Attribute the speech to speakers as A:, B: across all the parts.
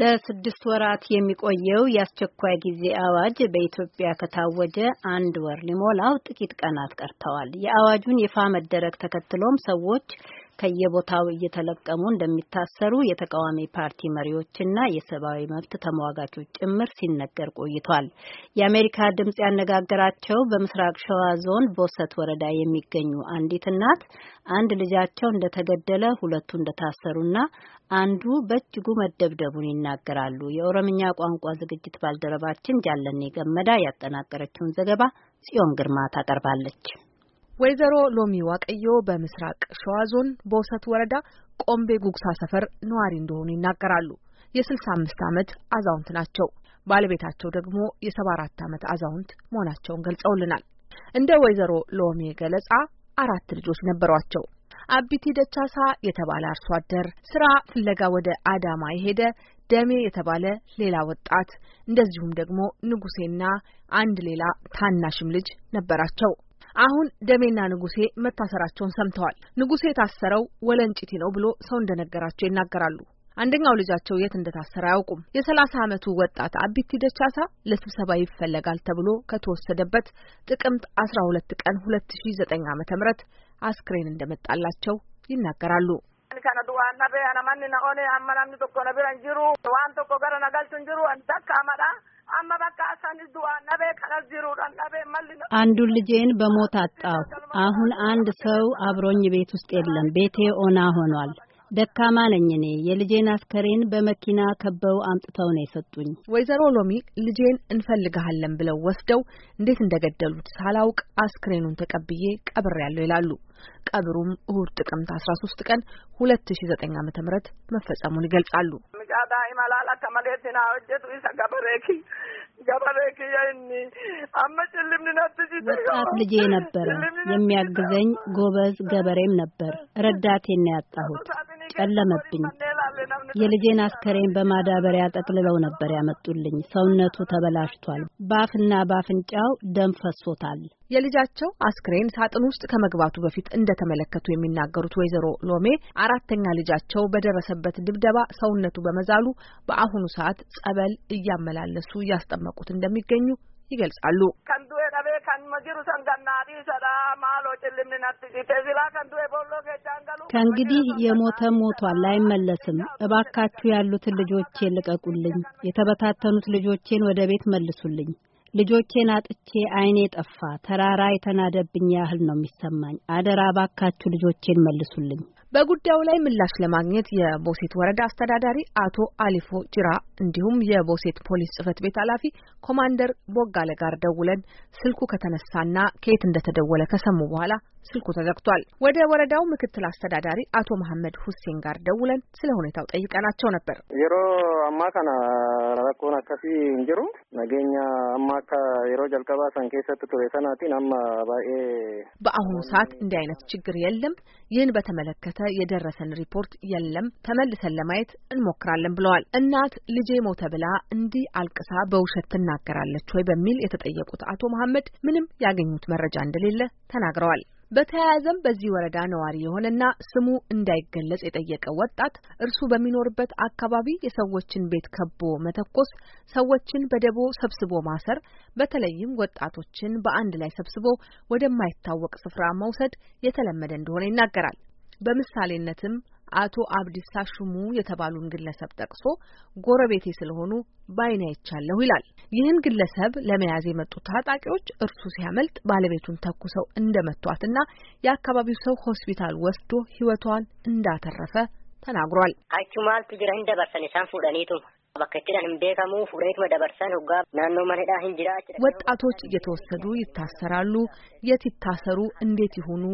A: ለስድስት ወራት የሚቆየው የአስቸኳይ ጊዜ አዋጅ በኢትዮጵያ ከታወጀ አንድ ወር ሊሞላው ጥቂት ቀናት ቀርተዋል። የአዋጁን ይፋ መደረግ ተከትሎም ሰዎች ከየቦታው እየተለቀሙ እንደሚታሰሩ የተቃዋሚ ፓርቲ መሪዎችና የሰብአዊ መብት ተሟጋቾች ጭምር ሲነገር ቆይቷል። የአሜሪካ ድምጽ ያነጋገራቸው በምስራቅ ሸዋ ዞን ቦሰት ወረዳ የሚገኙ አንዲት እናት አንድ ልጃቸው እንደተገደለ፣ ሁለቱ እንደታሰሩና አንዱ በእጅጉ መደብደቡን ይናገራሉ። የኦሮምኛ ቋንቋ ዝግጅት ባልደረባችን ጃለኔ ገመዳ ያጠናቀረችውን ዘገባ ጽዮን ግርማ ታቀርባለች። ወይዘሮ ሎሚ ዋቀዮ በምስራቅ
B: ሸዋ ዞን በውሰት ወረዳ ቆምቤ ጉግሳ ሰፈር ነዋሪ እንደሆኑ ይናገራሉ። የስልሳ አምስት ዓመት አዛውንት ናቸው። ባለቤታቸው ደግሞ የሰባ አራት ዓመት አዛውንት መሆናቸውን ገልጸውልናል። እንደ ወይዘሮ ሎሚ ገለጻ አራት ልጆች ነበሯቸው። አቢቲ ደቻሳ የተባለ አርሶ አደር፣ ስራ ፍለጋ ወደ አዳማ የሄደ ደሜ የተባለ ሌላ ወጣት፣ እንደዚሁም ደግሞ ንጉሴና አንድ ሌላ ታናሽም ልጅ ነበራቸው። አሁን ደሜና ንጉሴ መታሰራቸውን ሰምተዋል። ንጉሴ የታሰረው ወለንጭቲ ነው ብሎ ሰው እንደነገራቸው ይናገራሉ። አንደኛው ልጃቸው የት እንደታሰረ አያውቁም። የሰላሳ ዓመቱ ወጣት አቢቲ ደቻሳ ለስብሰባ ይፈለጋል ተብሎ ከተወሰደበት ጥቅምት አስራ ሁለት ቀን ሁለት ሺ ዘጠኝ ዓመተ ምህረት አስክሬን እንደመጣላቸው ይናገራሉ።
A: አንዱን ልጄን በሞት አጣሁ። አሁን አንድ ሰው አብሮኝ ቤት ውስጥ የለም። ቤቴ ኦና ሆኗል። ደካማ ነኝ እኔ። የልጄን አስከሬን በመኪና ከበው አምጥተው ነው የሰጡኝ። ወይዘሮ ሎሚ ልጄን እንፈልግሃለን ብለው ወስደው
B: እንዴት እንደገደሉት ሳላውቅ አስክሬኑን ተቀብዬ ቀብሬያለሁ ይላሉ። ቀብሩም እሁድ ጥቅምት 13 ቀን 2009 ዓ.ም መፈጸሙን ይገልጻሉ።
A: ወጣት ልጄ ነበረ የሚያግዘኝ ጎበዝ ገበሬም ነበር። ረዳቴን ያጣሁት ጨለመብኝ። የልጄን አስከሬን በማዳበሪያ ጠቅልለው ነበር ያመጡልኝ። ሰውነቱ ተበላሽቷል። ባፍና ባፍንጫው ደም ፈሶታል። የልጃቸው አስክሬን ሳጥን ውስጥ ከመግባቱ በፊት እንደተመለከቱ
B: የሚናገሩት ወይዘሮ ሎሜ አራተኛ ልጃቸው በደረሰበት ድብደባ ሰውነቱ በመዛሉ በአሁኑ ሰዓት ጸበል እያመላለሱ እያስጠመቁት እንደሚገኙ ይገልጻሉ።
A: ከእንግዲህ የሞተ ሞቷል፣ አይመለስም። እባካችሁ ያሉትን ልጆቼን ልቀቁልኝ። የተበታተኑት ልጆቼን ወደ ቤት መልሱልኝ። ልጆቼን አጥቼ አይኔ ጠፋ። ተራራ የተናደብኝ ያህል ነው የሚሰማኝ። አደራ እባካችሁ ልጆቼን መልሱልኝ። በጉዳዩ ላይ ምላሽ ለማግኘት የቦሴት ወረዳ አስተዳዳሪ አቶ አሊፎ
B: ጅራ እንዲሁም የቦሴት ፖሊስ ጽህፈት ቤት ኃላፊ ኮማንደር ቦጋለ ጋር ደውለን ስልኩ ከተነሳና ከየት እንደተደወለ ከሰሙ በኋላ ስልኩ ተዘግቷል። ወደ ወረዳው ምክትል አስተዳዳሪ አቶ መሐመድ ሁሴን ጋር ደውለን ስለ ሁኔታው ጠይቀናቸው ነበር።
A: የሮ አማካና ረኮን አካፊ እንጅሩ ነገኛ አማካ የሮ ጀልቀባ ሰንኬ ኬሰት ቱሬ አማ ባኤ
B: በአሁኑ ሰዓት እንዲህ አይነት ችግር የለም። ይህን በተመለከተ የደረሰን ሪፖርት የለም። ተመልሰን ለማየት እንሞክራለን ብለዋል። እናት ልጄ ሞተ ብላ እንዲህ አልቅሳ በውሸት ትናገራለች ወይ በሚል የተጠየቁት አቶ መሐመድ ምንም ያገኙት መረጃ እንደሌለ ተናግረዋል። በተያያዘም በዚህ ወረዳ ነዋሪ የሆነና ስሙ እንዳይገለጽ የጠየቀ ወጣት እርሱ በሚኖርበት አካባቢ የሰዎችን ቤት ከቦ መተኮስ፣ ሰዎችን በደቦ ሰብስቦ ማሰር፣ በተለይም ወጣቶችን በአንድ ላይ ሰብስቦ ወደማይታወቅ ስፍራ መውሰድ የተለመደ እንደሆነ ይናገራል። በምሳሌነትም አቶ አብዲሳ ሹሙ የተባሉን ግለሰብ ጠቅሶ ጎረቤቴ ስለሆኑ ባይን አይቻለሁ ይላል። ይህን ግለሰብ ለመያዝ የመጡ ታጣቂዎች እርሱ ሲያመልጥ ባለቤቱን ተኩሰው እንደመቷትና የአካባቢው ሰው ሆስፒታል ወስዶ ሕይወቷን እንዳተረፈ ተናግሯል።
A: አቹማል ትጅራ እንደበርሰን ሳን ፉዳኒቱ
B: ወጣቶች እየተወሰዱ ይታሰራሉ። የት ይታሰሩ፣ እንዴት ይሆኑ?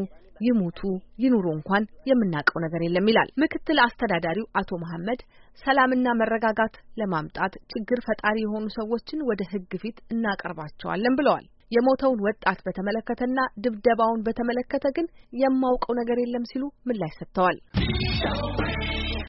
B: ይሙቱ ይኑሩ እንኳን የምናውቀው ነገር የለም ይላል ምክትል አስተዳዳሪው አቶ መሐመድ። ሰላምና መረጋጋት ለማምጣት ችግር ፈጣሪ የሆኑ ሰዎችን ወደ ሕግ ፊት እናቀርባቸዋለን ብለዋል። የሞተውን ወጣት በተመለከተና ድብደባውን በተመለከተ ግን የማውቀው ነገር የለም ሲሉ ምላሽ ሰጥተዋል።